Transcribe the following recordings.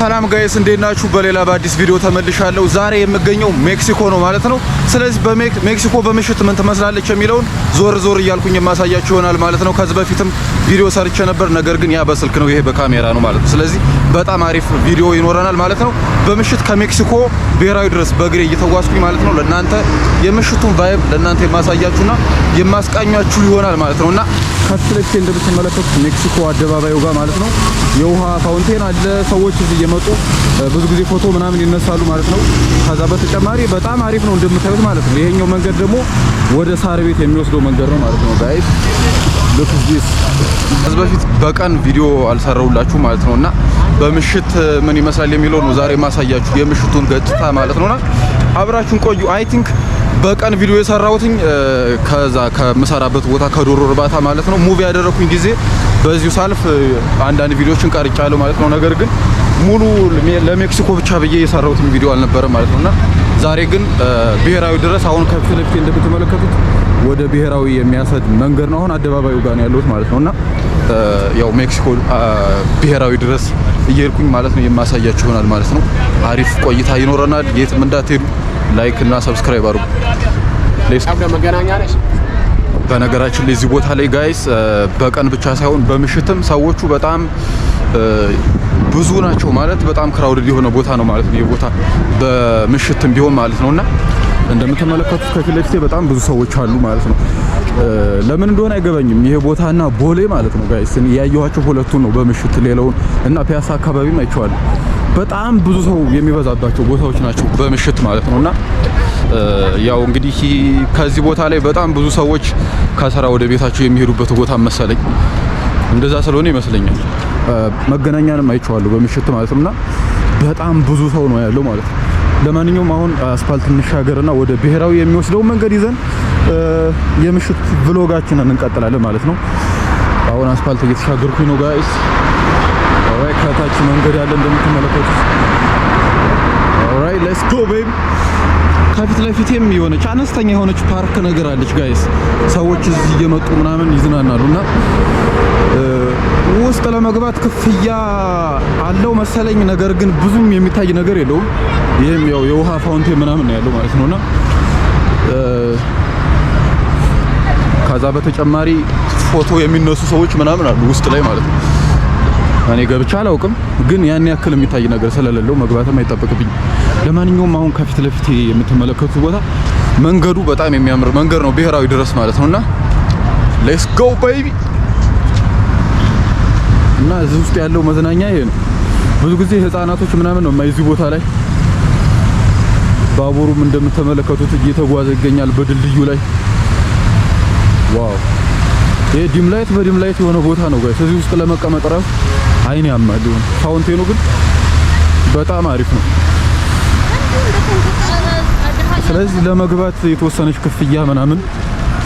ሰላም ጋይስ እንዴት ናችሁ? በሌላ በአዲስ ቪዲዮ ተመልሻለሁ። ዛሬ የምገኘው ሜክሲኮ ነው ማለት ነው። ስለዚህ ሜክሲኮ በምሽት ምን ትመስላለች የሚለውን ዞር ዞር እያልኩኝ የማሳያችሁ ይሆናል ማለት ነው። ከዚህ በፊትም ቪዲዮ ሰርቼ ነበር፣ ነገር ግን ያ በስልክ ነው፣ ይሄ በካሜራ ነው ማለት ነው። ስለዚህ በጣም አሪፍ ቪዲዮ ይኖረናል ማለት ነው። በምሽት ከሜክሲኮ ብሔራዊ ድረስ በእግሬ እየተጓዝኩኝ ማለት ነው ለእናንተ የምሽቱን ቫይብ ለእናንተ የማሳያችሁና የማስቃኛችሁ ይሆናል ማለት ነው እና ከፊት ለፊቴ እንደምትመለከቱት ሜክሲኮ አደባባዩ ጋር ማለት ነው የውሃ ፋውንቴን አለ። ሰዎች እዚህ እየመጡ ብዙ ጊዜ ፎቶ ምናምን ይነሳሉ ማለት ነው። ከዛ በተጨማሪ በጣም አሪፍ ነው እንደምታዩት ማለት ነው። ይሄኛው መንገድ ደግሞ ወደ ሳር ቤት የሚወስደው መንገድ ነው ማለት ነው ጋይስ ሉክ ዚስ። ከዚህ በፊት በቀን ቪዲዮ አልሰራውላችሁ ማለት ነው እና በምሽት ምን ይመስላል የሚለው ነው ዛሬ ማሳያችሁ የምሽቱን ገጽታ ማለት ነውና አብራችሁን ቆዩ። አይ ቲንክ በቀን ቪዲዮ የሰራሁትኝ ከዛ ከምሰራበት ቦታ ከዶሮ እርባታ ማለት ነው ሙቪ ያደረኩኝ ጊዜ በዚሁ ሳልፍ አንዳንድ ቪዲዮዎችን ቀርጫለሁ ማለት ነው። ነገር ግን ሙሉ ለሜክሲኮ ብቻ ብዬ የሰራሁትኝ ቪዲዮ አልነበረም ማለት ነውና ዛሬ ግን ብሔራዊ ድረስ አሁን ከፊት ለፊት እንደምትመለከቱት ወደ ብሔራዊ የሚያሰድ መንገድ ነው። አሁን አደባባዩ ጋር ነው ያለሁት ማለት ነውና ያው ሜክሲኮ ብሔራዊ ድረስ እየሄድኩኝ ማለት ነው የማሳያችሁ ይሆናል ማለት ነው። አሪፍ ቆይታ ይኖረናል። የትም እንዳትሄዱ ላይክ እና ሰብስክራይብ አድርጉ። በነገራችን ላይ እዚህ ቦታ ላይ ጋይስ በቀን ብቻ ሳይሆን በምሽትም ሰዎቹ በጣም ብዙ ናቸው ማለት በጣም ክራውድድ የሆነ ቦታ ነው ማለት ነው። ቦታ በምሽትም ቢሆን ማለት ነውና እንደምትመለከቱት ከፊት ለፊቴ በጣም ብዙ ሰዎች አሉ ማለት ነው። ለምን እንደሆነ አይገባኝም። ይሄ ቦታና ቦሌ ማለት ነው ጋይስ ያየኋቸው ሁለቱን ነው በምሽት ሌላውን እና ፒያሳ አካባቢ አይቼዋለሁ። በጣም ብዙ ሰው የሚበዛባቸው ቦታዎች ናቸው በምሽት ማለት ነውና ያው እንግዲህ ከዚህ ቦታ ላይ በጣም ብዙ ሰዎች ከስራ ወደ ቤታቸው የሚሄዱበት ቦታ መሰለኝ። እንደዛ ስለሆነ ይመስለኛል። መገናኛንም አይቼዋለሁ በምሽት ማለት ነውና በጣም ብዙ ሰው ነው ያለው ማለት ነው። ለማንኛውም አሁን አስፋልት እንሻገርና ወደ ብሔራዊ የሚወስደው መንገድ ይዘን የምሽት ብሎጋችንን እንቀጥላለን ማለት ነው። አሁን አስፋልት እየተሻገርኩኝ ነው ጋይስ። ኦራይ ከታች መንገድ ያለ እንደምትመለከቱት። ኦራይ ሌትስ ጎ ቤቢ። ከፊት ለፊቴም የሆነች አነስተኛ የሆነች ፓርክ ነገር አለች ጋይስ። ሰዎች እዚህ እየመጡ ምናምን ይዝናናሉና ውስጥ ለመግባት ክፍያ አለው መሰለኝ። ነገር ግን ብዙም የሚታይ ነገር የለውም። ይህም ያው የውሃ ፋውንቴን ምናምን ነው ያለው ማለት ነውና ከዛ በተጨማሪ ፎቶ የሚነሱ ሰዎች ምናምን አሉ ውስጥ ላይ ማለት ነው። እኔ ገብቼ አላውቅም፣ ግን ያን ያክል የሚታይ ነገር ስለሌለው መግባትም አይጠበቅብኝ ለማንኛውም አሁን ከፊት ለፊት የምትመለከቱት ቦታ መንገዱ በጣም የሚያምር መንገድ ነው፣ ብሔራዊ ድረስ ማለት ነውና ሌትስ ጎ ቤቢ እና እዚህ ውስጥ ያለው መዝናኛ ይሄ ነው። ብዙ ጊዜ ህፃናቶች ምናምን ነው የማይዙ ቦታ ላይ ባቡሩም እንደምትመለከቱት እየተጓዘ ይገኛል በድልድዩ ላይ ዋው ይሄ ዲም ላይት በዲም ላይት የሆነ ቦታ ነው ጋይስ እዚህ ውስጥ ለመቀመጥ ራሱ አይን ያማል ይሁን ፋውንቴኑ ግን በጣም አሪፍ ነው ስለዚህ ለመግባት የተወሰነች ክፍያ ምናምን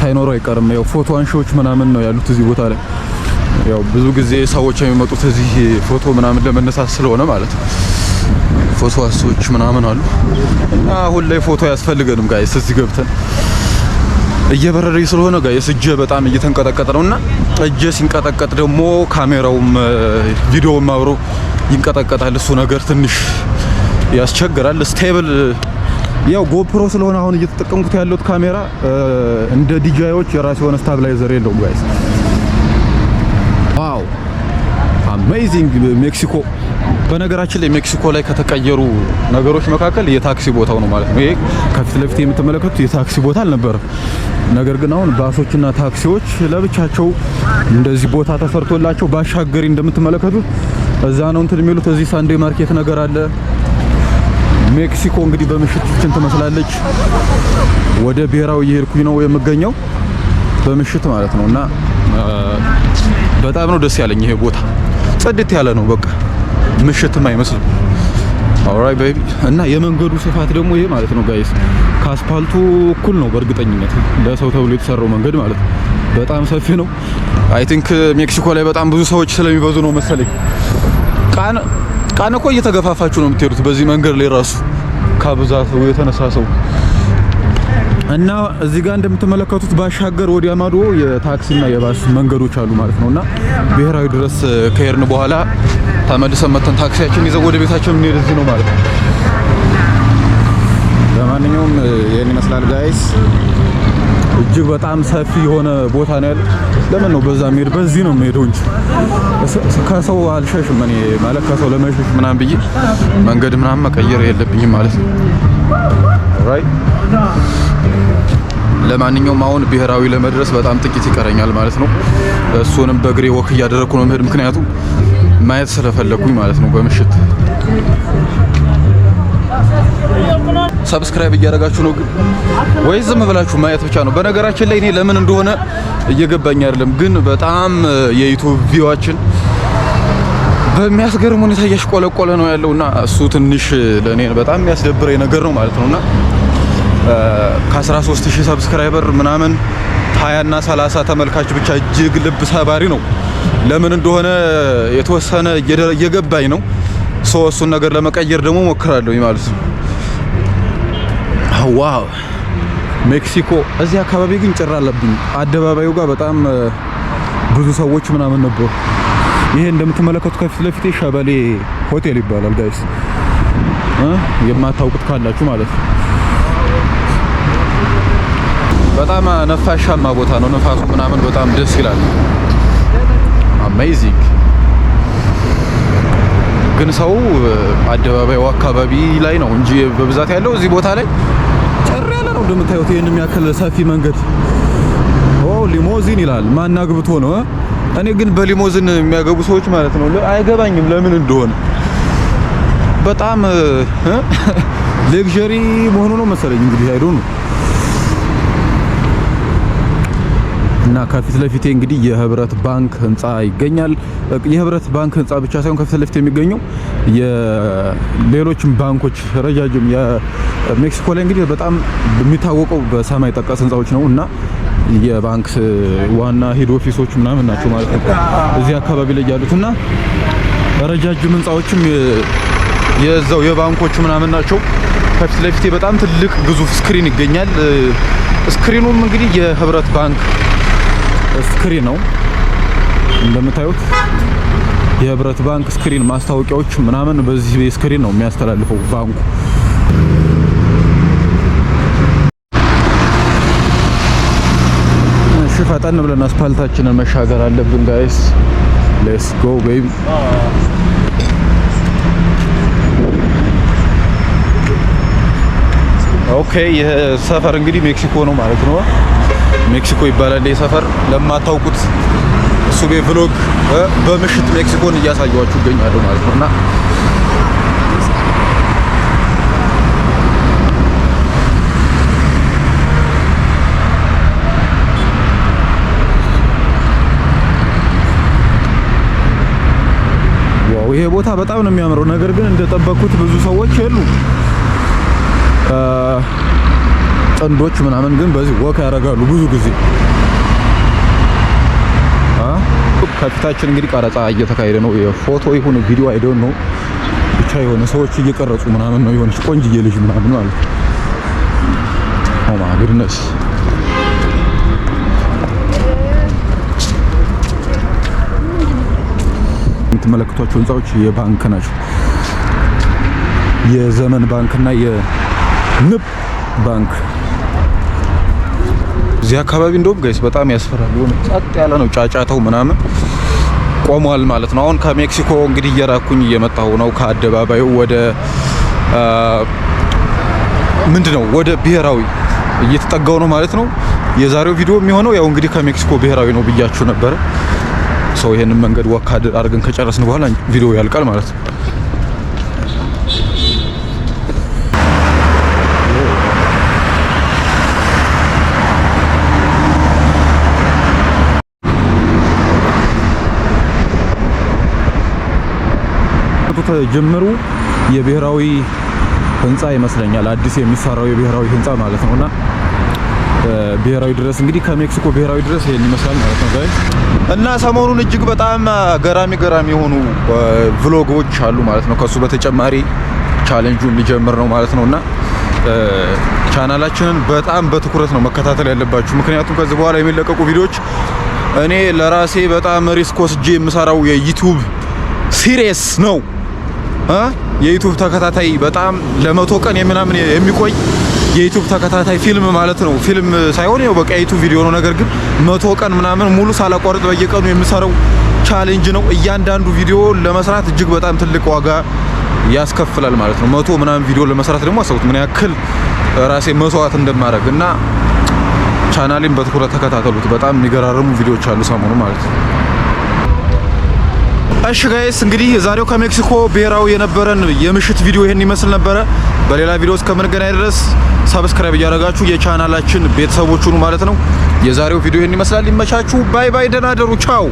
ሳይኖረው አይቀርም ያው ፎቶ አንሺዎች ምናምን ነው ያሉት እዚህ ቦታ ላይ ያው ብዙ ጊዜ ሰዎች የሚመጡት እዚህ ፎቶ ምናምን ለመነሳት ስለሆነ ማለት ነው። ፎቶ አሶች ምናምን አሉ እና አሁን ላይ ፎቶ አያስፈልገንም ጋይስ። እዚህ ገብተን እየበረረ ስለሆነ ጋይስ እጄ በጣም እየተንቀጠቀጠ ነው እና እጄ ሲንቀጠቀጥ ደግሞ ካሜራውም ቪዲዮውም አብሮ ይንቀጠቀጣል። እሱ ነገር ትንሽ ያስቸግራል። ስቴብል ያው ጎፕሮ ስለሆነ አሁን እየተጠቀምኩት ያለሁት ካሜራ እንደ ዲጃዮች የራሱ የሆነ ስታብላይዘር የለውም ጋይስ አሜዚንግ ሜክሲኮ። uh, በነገራችን ላይ ሜክሲኮ ላይ ከተቀየሩ ነገሮች መካከል የታክሲ ቦታው ነው ማለት ነው። ይሄ ከፊት ለፊት የምትመለከቱት የታክሲ ቦታ አልነበረም። ነገር ግን አሁን ባሶችና ታክሲዎች ለብቻቸው እንደዚህ ቦታ ተሰርቶላቸው ባሻገሪ እንደምትመለከቱት እዛ ነው እንትን የሚሉት። እዚህ ሳንዴ ማርኬት ነገር አለ። ሜክሲኮ እንግዲህ በምሽትችን ትመስላለች። ወደ ብሔራዊ እየሄድኩኝ ነው የምገኘው በምሽት ማለት ነው እና በጣም ነው ደስ ያለኝ ይሄ ቦታ። ጽድት ያለ ነው። በቃ ምሽትም አይመስልም። ኦራይ ቤቢ እና የመንገዱ ስፋት ደግሞ ይሄ ማለት ነው ጋይስ ከአስፓልቱ እኩል ነው በእርግጠኝነት ለሰው ተብሎ የተሰራው መንገድ ማለት ነው። በጣም ሰፊ ነው። አይ ቲንክ uh, ሜክሲኮ ላይ በጣም ብዙ ሰዎች ስለሚበዙ ነው መሰለኝ። ቃን ቃን እኮ እየተገፋፋችሁ ነው የምትሄዱት በዚህ መንገድ ላይ ራሱ ከብዛት የተነሳ ሰው እና እዚህ ጋር እንደምትመለከቱት ባሻገር ወዲያ ማዶ የታክሲና የባስ መንገዶች አሉ ማለት ነውና ብሔራዊ ድረስ ከሄድን በኋላ ተመልሰን መተን ታክሲያችን ይዘው ወደ ቤታችን የምንሄድ እዚህ ነው ማለት ነው። ለማንኛውም ይህን ይመስላል ጋይስ። እጅግ በጣም ሰፊ የሆነ ቦታ ነው ያለ። ለምን ነው በዛ የምሄድ? በዚህ ነው የምሄደው እንጂ ከሰው አልሸሽም። እኔ ማለት ከሰው ለመሸሽ ምናምን ብዬ መንገድ ምናምን መቀየር የለብኝም ማለት ነው። ለማንኛውም አሁን ብሔራዊ ለመድረስ በጣም ጥቂት ይቀረኛል ማለት ነው። እሱንም በእግሬ ወክ እያደረግኩ ነው መሄድ፣ ምክንያቱም ማየት ስለፈለግኩኝ ማለት ነው። በምሽት ሰብስክራይብ እያደረጋችሁ ነው ወይ ዝም ብላችሁ ማየት ብቻ ነው? በነገራችን ላይ እኔ ለምን እንደሆነ እየገባኝ አይደለም፣ ግን በጣም የዩቱብ ቪዋችን በሚያስገርም ሁኔታ እያሽቆለቆለ ነው ያለውና እሱ ትንሽ ለእኔ በጣም የሚያስደብረኝ ነገር ነው ማለት ነውና ከ13000 ሰብስክራይበር ምናምን 20 እና 30 ተመልካች ብቻ እጅግ ልብ ሰባሪ ነው። ለምን እንደሆነ የተወሰነ እየገባኝ ነው። ሰው እሱን ነገር ለመቀየር ደግሞ ሞክራለሁ ማለት ነው። ዋው ሜክሲኮ። እዚህ አካባቢ ግን ጭር አለብኝ። አደባባዩ ጋር በጣም ብዙ ሰዎች ምናምን ነበሩ። ይሄ እንደምትመለከቱ ከፊት ለፊቴ ሸበሌ ሆቴል ይባላል። ጋይስ የማታውቁት ካላችሁ ማለት ነው በጣም ነፋሻማ ቦታ ነው። ነፋሱ ምናምን በጣም ደስ ይላል። አሜዚንግ ግን ሰው አደባባዩ አካባቢ ላይ ነው እንጂ በብዛት ያለው እዚህ ቦታ ላይ ጭር ያለ ነው። እንደምታዩት ይሄን የሚያክል ሰፊ መንገድ ሊሞዚን ይላል። ማና አግብቶ ነው? እኔ ግን በሊሞዚን የሚያገቡ ሰዎች ማለት ነው አይገባኝም፣ ለምን እንደሆነ በጣም ሌክዠሪ መሆኑ ነው መሰለኝ እንግዲህ አይዶ ነው እና ከፊት ለፊቴ እንግዲህ የህብረት ባንክ ህንጻ ይገኛል። የህብረት ባንክ ህንጻ ብቻ ሳይሆን ከፊት ለፊት የሚገኙ የሌሎችም ባንኮች ረጃጅም የሜክሲኮ ላይ እንግዲህ በጣም የሚታወቀው በሰማይ ጠቀስ ህንጻዎች ነው እና የባንክ ዋና ሄድ ኦፊሶች ምናምን ናቸው ማለት ነው እዚህ አካባቢ ላይ ያሉት እና ረጃጅም ህንጻዎችም የዛው የባንኮቹ ምናምን ናቸው። ከፊት ለፊቴ በጣም ትልቅ ግዙፍ ስክሪን ይገኛል። ስክሪኑም እንግዲህ የህብረት ባንክ ስክሪን ነው እንደምታዩት የህብረት ባንክ ስክሪን ማስታወቂያዎች ምናምን በዚህ ስክሪን ነው የሚያስተላልፈው ባንኩ። እሺ ፈጠን ብለን አስፓልታችንን መሻገር አለብን ጋይስ። ሌትስ ጎ ቤቢ። ኦኬ ይህ ሰፈር እንግዲህ ሜክሲኮ ነው ማለት ነው። ሜክሲኮ ይባላል ሰፈር ለማታውቁት ሱቤ ቭሎግ በምሽት ሜክሲኮን እያሳየዋችሁ እገኛለሁ ማለት ነው እና ይሄ ቦታ በጣም ነው የሚያምረው። ነገር ግን እንደጠበኩት ብዙ ሰዎች የሉ። ጥንዶች ምናምን ግን በዚህ ወክ ያደርጋሉ ብዙ ጊዜ ከፊታችን እንግዲህ ቀረጻ እየተካሄደ ነው። የፎቶ ይሁን ቪዲዮ አይደን ነው ብቻ የሆነ ሰዎች እየቀረጹ ምናምን ነው። የሆነች ቆንጅዬ ልጅ ምናምን ማለት ኦማ ግድነስ የምትመለከቷቸው ህንፃዎች የባንክ ናቸው። የዘመን ባንክ እና የንብ ባንክ እዚህ አካባቢ እንደውም ጋይስ በጣም ያስፈራል። የሆነ ጸጥ ያለ ነው፣ ጫጫተው ምናምን ቆሟል ማለት ነው። አሁን ከሜክሲኮ እንግዲህ እየራኩኝ እየመጣሁ ነው። ከአደባባዩ ወደ ምንድን ነው ወደ ብሔራዊ እየተጠጋው ነው ማለት ነው። የዛሬው ቪዲዮ የሚሆነው ያው እንግዲህ ከሜክሲኮ ብሔራዊ ነው ብያችሁ ነበረ። ሰው ይሄንን መንገድ ወካድ አድርገን ከጨረስን በኋላ ቪዲዮ ያልቃል ማለት ነው። ጅምሩ የብሔራዊ ህንፃ ይመስለኛል አዲስ የሚሰራው የብሔራዊ ህንፃ ማለት ነውና ብሔራዊ ድረስ እንግዲህ ከሜክሲኮ ብሔራዊ ድረስ ይሄን ይመስላል ማለት ነው። እና ሰሞኑን እጅግ በጣም ገራሚ ገራሚ የሆኑ ቭሎጎች አሉ ማለት ነው። ከሱ በተጨማሪ ቻሌንጁ ሊጀምር ነው ማለት ነውና ቻናላችንን በጣም በትኩረት ነው መከታተል ያለባችሁ። ምክንያቱም ከዚህ በኋላ የሚለቀቁ ቪዲዮዎች እኔ ለራሴ በጣም ሪስክ ወስጄ የምሰራው የዩቲዩብ ሲሪየስ ነው። የዩቱብ ተከታታይ በጣም ለመቶ ቀን የምናምን የሚቆይ የዩቱብ ተከታታይ ፊልም ማለት ነው። ፊልም ሳይሆን ያው በቃ የዩቱብ ቪዲዮ ነው። ነገር ግን መቶ ቀን ምናምን ሙሉ ሳላቋርጥ በየቀኑ የምሰራው ቻሌንጅ ነው። እያንዳንዱ ቪዲዮ ለመስራት እጅግ በጣም ትልቅ ዋጋ ያስከፍላል ማለት ነው። መቶ ምናምን ቪዲዮ ለመስራት ደግሞ አሰቡት ምን ያክል ራሴ መስዋዕት እንደማድረግ እና ቻናሌን በትኩረት ተከታተሉት። በጣም የሚገራርሙ ቪዲዮዎች አሉ ሰሞኑ ማለት ነው። እሺ ጋይስ እንግዲህ ዛሬው ከሜክሲኮ ብሔራዊ የነበረን የምሽት ቪዲዮ ይሄን ይመስል ነበረ። በሌላ ቪዲዮ እስከምንገናኝ ድረስ ሰብስክራይብ እያደረጋችሁ የቻናላችን ቤተሰቦች ሁኑ ማለት ነው። የዛሬው ቪዲዮ ይሄን ይመስላል። ይመቻችሁ። ባይ ባይ። ደህና ደሩ። ቻው